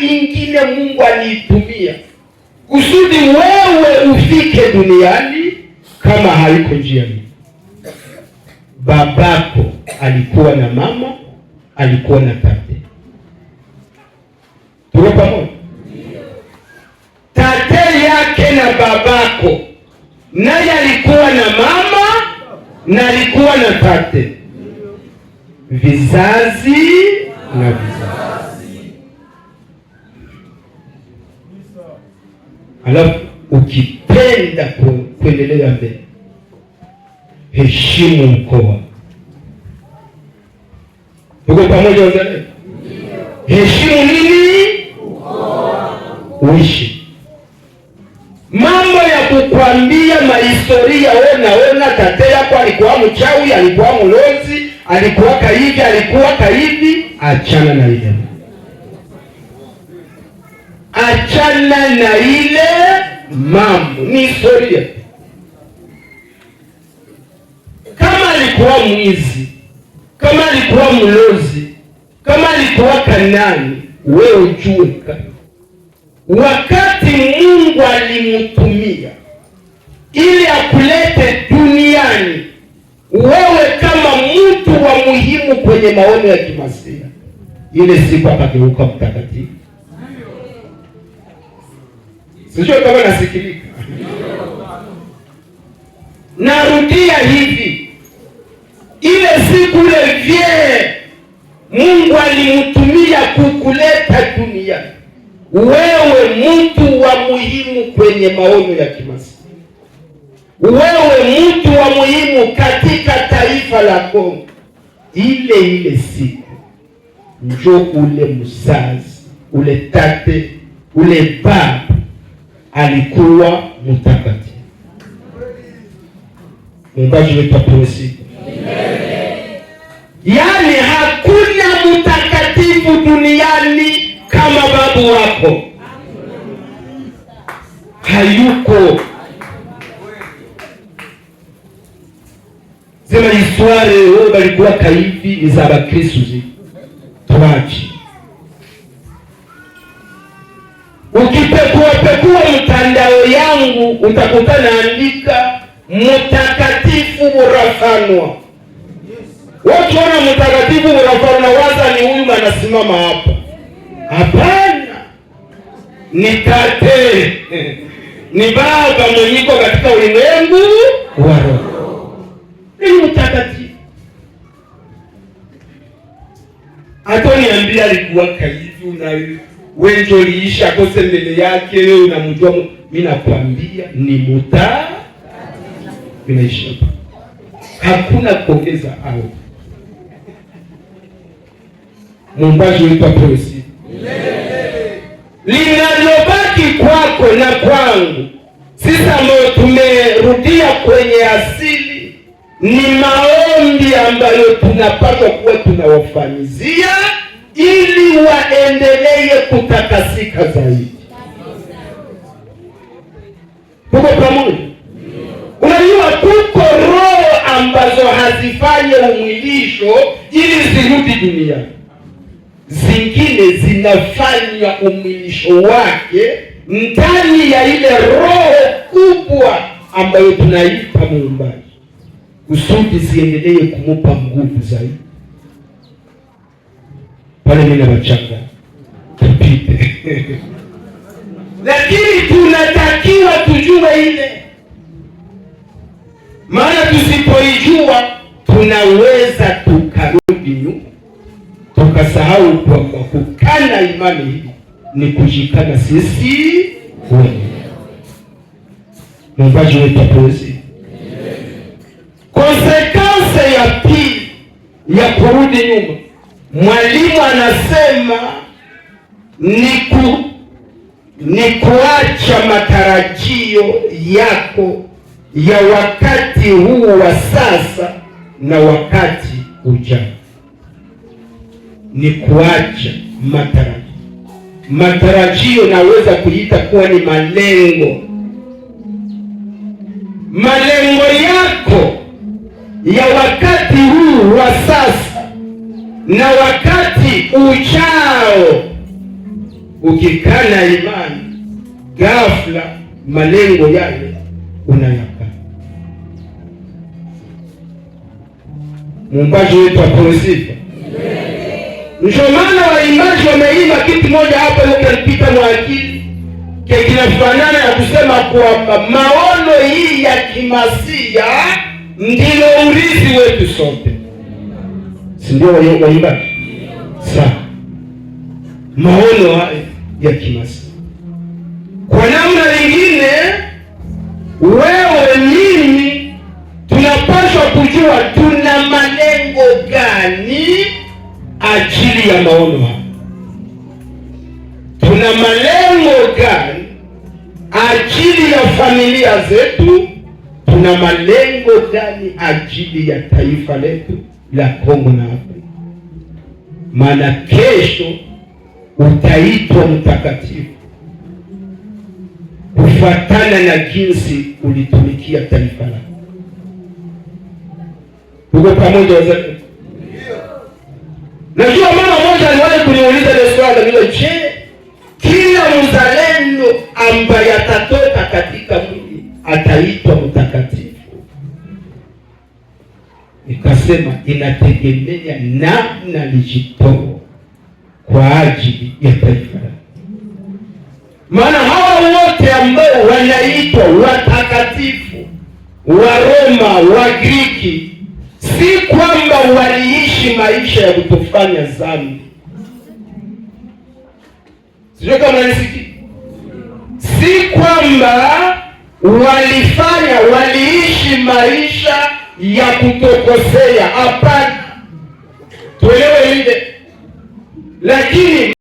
ingine Mungu aliitumia kusudi wewe ufike duniani kama haiko njia hii. Babako alikuwa na mama, alikuwa na tate. Tuko pamoja? Tate yake na babako naye alikuwa na mama na alikuwa na tate, vizazi na vizazi alafu ukipenda kuendelea mbele, heshimu mkoa. Uko pamoja wazalendo? Heshimu nini? Uishi mambo ya kukwambia mahistoria, ona ona, tatea kwa alikuwa mchawi, alikuwa mlozi, alikuwa kaivi, alikuwa kaivi, achana na ile achana na ile mambo, ni historia. Kama alikuwa mwizi, kama alikuwa mlozi, kama alikuwa Kanani, wewe jue wakati Mungu alimtumia ili akulete duniani, wewe kama mtu wa muhimu kwenye maono ya Kimasia, ile siku akageuka mtakatifu. Sijui kama nasikilika. Narudia hivi, ile siku ile vie Mungu alimtumia kukuleta dunia, wewe mtu wa muhimu kwenye maono ya kimasihi, wewe mtu wa muhimu katika taifa la Kongo. Ile ile siku njo ule msazi ule tate ule baba alikuwa mtakatifu. Mungaji wetu apewe sifa. Yaani hakuna mtakatifu duniani kama babu wako, hayuko zema isware wewe balikuwa kaifi ni za bakristu zi tuwachi Utapekuapekua mtandao yangu utakuta naandika mtakatifu Burafanwa. Wakiona mtakatifu Burafanwa waza ni huyu anasimama hapa. Hapana, ni tate ni baba mwenyiko katika ulimwengu wa roho, ni mtakatifu. Hata niambia alikuwa kaivi na wewe ndio liisha kose mbele yake, wewe unamjua. Mimi nakwambia ni muta inaishi, hakuna kuongeza au mumbaji ulipa polisi linalobaki kwako na kwangu sisi ambayo tumerudia kwenye asili ni maombi ambayo tunapaswa kuwa tunawafanyizia ili waendelee kutakasika zaidi. Tuko pamoja? Unajua, tuko roho ambazo hazifanye umwilisho ili zirudi duniani, zingine zinafanya umwilisho wake ndani ya ile roho kubwa ambayo tunaita muumbaji, kusudi ziendelee kumupa nguvu zaidi pale mimi na tupite lakini tunatakiwa tujue ile, maana tusipoijua tunaweza tukarudi nyuma tukasahau kwamba kukana imani hii ni kushikana sisi wenyewe. Muumbaji wetu atuweze. Konsekansi ya pili ya kurudi nyuma Mwalimu anasema ni ku, ni kuacha matarajio yako ya wakati huu wa sasa na wakati ujao. Ni kuacha matarajio. Matarajio naweza kuita kuwa ni malengo. Malengo yako ya wakati huu wa sasa na wakati uchao ukikana imani, ghafla malengo yale unayaka. Muumbaji wetu apewe sifa. Nshomana waimbaji wameimba kitu moja hapa nakanipita mwakili ke kinafanana ya kusema kwamba maono hii ya kimasia ndilo urithi wetu sote si ndio waimbaji? Sawa, maono ya kimasi Kwa namna nyingine, wewe mimi tunapaswa kujua tuna malengo gani ajili ya maono haya. Tuna malengo gani ajili ya familia zetu? Tuna malengo gani ajili ya taifa letu? la Kongo na Afrika, maana kesho utaitwa mtakatifu kufatana na jinsi ulitumikia taifa lako. Uko pamoja wazazi? Najua mama mmoja aliwahi kuniuliza ile swali hilo, je, kila mzalendo ambaye atatoka katika mwili ataitwa anasema inategemea namna lijitoa kwa ajili ya taifa. Maana hawa wote ambao wanaitwa watakatifu wa Roma, Griki, si kwamba waliishi maisha ya kutofanya dhambi. Sijui kama nanisikia. Si kwamba walifanya waliishi maisha ya kutokosea. Hapana, tuelewe ile, lakini